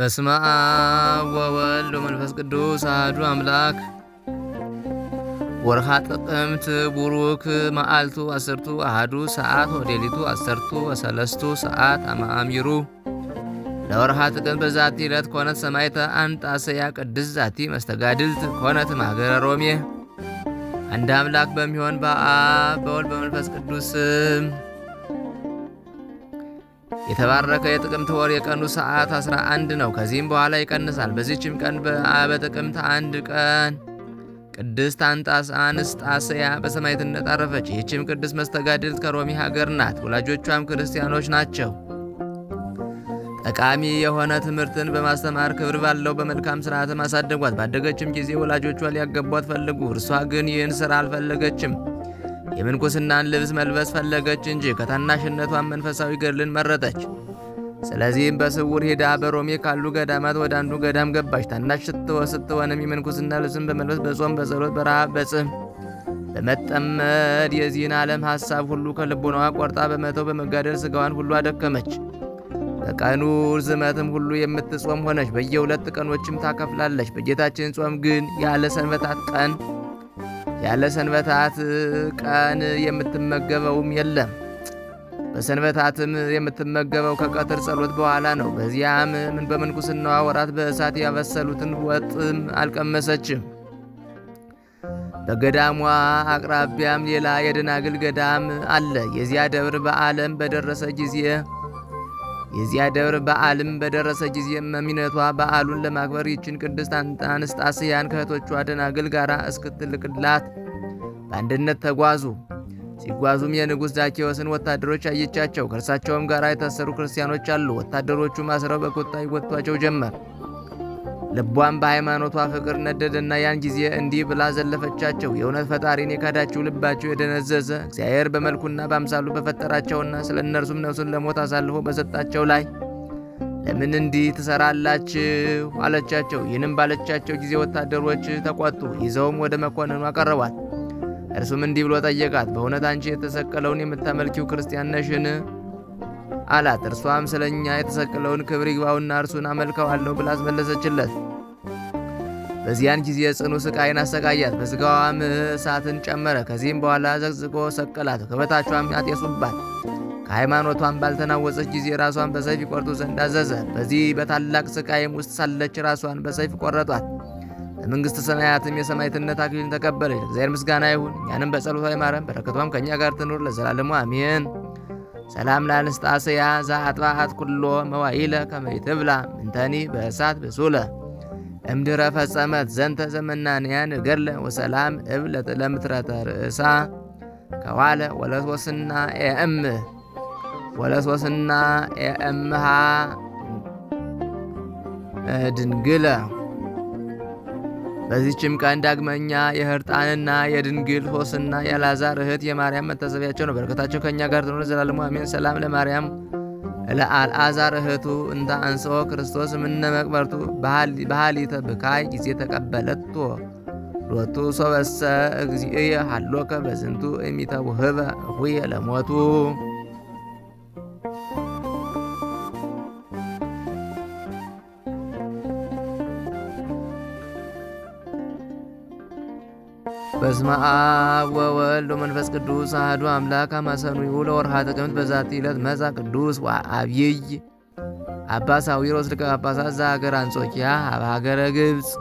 በስመ አብ ወወልድ ወመንፈስ ቅዱስ አሐዱ አምላክ። ወርሃ ጥቅምት ቡሩክ መዓልቱ አሰርቱ አሐዱ ሰዓት ወሌሊቱ አሰርቱ ወሰለስቱ ሰዓት አማአሚሩ ለወርሃ ጥቅምት በዛቲ ዕለት ኮነት ሰማዕተ አንጣስያ ቅድስ ዛቲ መስተጋድልት ኮነት ማገረ ሮሜ። አንድ አምላክ በሚሆን በአብ በወልድ በመንፈስ ቅዱስ የተባረከ የጥቅምት ወር የቀኑ ሰዓት 11 ነው። ከዚህም በኋላ ይቀንሳል። በዚህችም ቀን በጥቅምት አንድ ቀን ቅድስት አንስጣስያ በሰማዕትነት አረፈች። ይህችም ቅድስት መስተጋድልት ከሮሚ ሀገር ናት። ወላጆቿም ክርስቲያኖች ናቸው። ጠቃሚ የሆነ ትምህርትን በማስተማር ክብር ባለው በመልካም ስርዓትም አሳደጓት። ባደገችም ጊዜ ወላጆቿ ሊያገቧት ፈልጉ። እርሷ ግን ይህን ስራ አልፈለገችም። የምንኩስናን ልብስ መልበስ ፈለገች እንጂ ከታናሽነቷን መንፈሳዊ ገድልን መረጠች። ስለዚህም በስውር ሄዳ በሮሜ ካሉ ገዳማት ወደ አንዱ ገዳም ገባች። ታናሽ ስትሆንም የምንኩስና ልብስን በመልበስ በጾም፣ በጸሎት፣ በረሃብ፣ በጽም በመጠመድ የዚህን ዓለም ሐሳብ ሁሉ ከልቦናዋ ቆርጣ በመተው በመጋደል ስጋዋን ሁሉ አደከመች። በቀኑ ርዝመትም ሁሉ የምትጾም ሆነች። በየሁለት ቀኖችም ታከፍላለች። በጌታችን ጾም ግን ያለ ሰንበታት ቀን ያለ ሰንበታት ቀን የምትመገበውም የለም። በሰንበታትም የምትመገበው ከቀትር ጸሎት በኋላ ነው። በዚያም ምን በምንኩስናዋ ወራት በእሳት ያበሰሉትን ወጥም አልቀመሰችም። በገዳሟ አቅራቢያም ሌላ የደናግል ገዳም አለ። የዚያ ደብር በዓለም በደረሰ ጊዜ የዚያ ደብር በዓልም በደረሰ ጊዜ መሚነቷ በዓሉን ለማክበር ይችን ቅድስት አንስጣስያን ከእህቶቿ ደናግል ጋር እስክትልቅላት በአንድነት ተጓዙ። ሲጓዙም የንጉሥ ዛኪዎስን ወታደሮች አየቻቸው። ከእርሳቸውም ጋር የታሰሩ ክርስቲያኖች አሉ። ወታደሮቹም አስረው በቁጣ ይጎቷቸው ጀመር። ልቧም በሃይማኖቷ ፍቅር ነደደና ያን ጊዜ እንዲህ ብላ ዘለፈቻቸው። የእውነት ፈጣሪን የካዳችው ልባቸው የደነዘዘ እግዚአብሔር በመልኩና በአምሳሉ በፈጠራቸውና ስለ እነርሱም ነፍሱን ለሞት አሳልፎ በሰጣቸው ላይ ለምን እንዲህ ትሰራላችሁ? አለቻቸው። ይህንም ባለቻቸው ጊዜ ወታደሮች ተቆጡ። ይዘውም ወደ መኮንኑ አቀረቧት። እርሱም እንዲህ ብሎ ጠየቃት። በእውነት አንቺ የተሰቀለውን የምታመልኪው ክርስቲያን ነሽን? አላት። እርሷም ስለ እኛ የተሰቀለውን ክብር ይግባውና እርሱን አመልከዋለሁ ብላ አስመለሰችለት። በዚያን ጊዜ ጽኑ ስቃይን አሰቃያት፣ በሥጋዋም እሳትን ጨመረ። ከዚህም በኋላ ዘቅዝቆ ሰቀላት፣ ከበታቿም አጤሱባት። ከሃይማኖቷን ባልተናወጸች ጊዜ ራሷን በሰይፍ ይቆርጡ ዘንድ አዘዘ። በዚህ በታላቅ ስቃይም ውስጥ ሳለች ራሷን በሰይፍ ቆረጧት። በመንግሥተ ሰማያትም የሰማዕትነት አክሊልን ተቀበለች። ለእግዚአብሔር ምስጋና ይሁን፣ እኛንም በጸሎቷ ይማረን፣ በረከቷም ከእኛ ጋር ትኑር ለዘላለሙ አሜን። ሰላም ላንስጣስያ ዘአጥባአት ኩሎ መዋኢለ ከመይትብላ ምንተኒ በእሳት ብሱለ እምድረ ፈጸመት ዘንተ ዘመናንያን ገድለ ወሰላም እብ ለምትረተ ርእሳ ከዋለ ወለሶስና ኤእም ወለሶስና ኤእምሃ ድንግለ በዚችም ቀን ዳግመኛ የህርጣንና የድንግል ሆስና የአልዓዛር እህት የማርያም መታሰቢያቸው ነው። በረከታቸው ከእኛ ጋር ትኖር ዘላለሙ አሜን። ሰላም ለማርያም ለአልዓዛር እህቱ እንተ አንስኦ ክርስቶስ ምነ መቅበርቱ ባህሊተ ብካይ ጊዜ ተቀበለቶ ሎቱ ሶበሰ እግዚእየ ሃሎከ በዝንቱ ውህበ ሁየ ለሞቱ በስመ አብ ወወልድ ወመንፈስ ቅዱስ አህዱ አምላክ አማሰኑይ ለወርሃ ጥቅምት በዛቲ ዕለት መጻ ቅዱስ ወአብይ አባ ሳዊሮስ ሊቀ ጳጳሳት ዘሀገረ አንጾኪያ ሀገረ ግብፅ።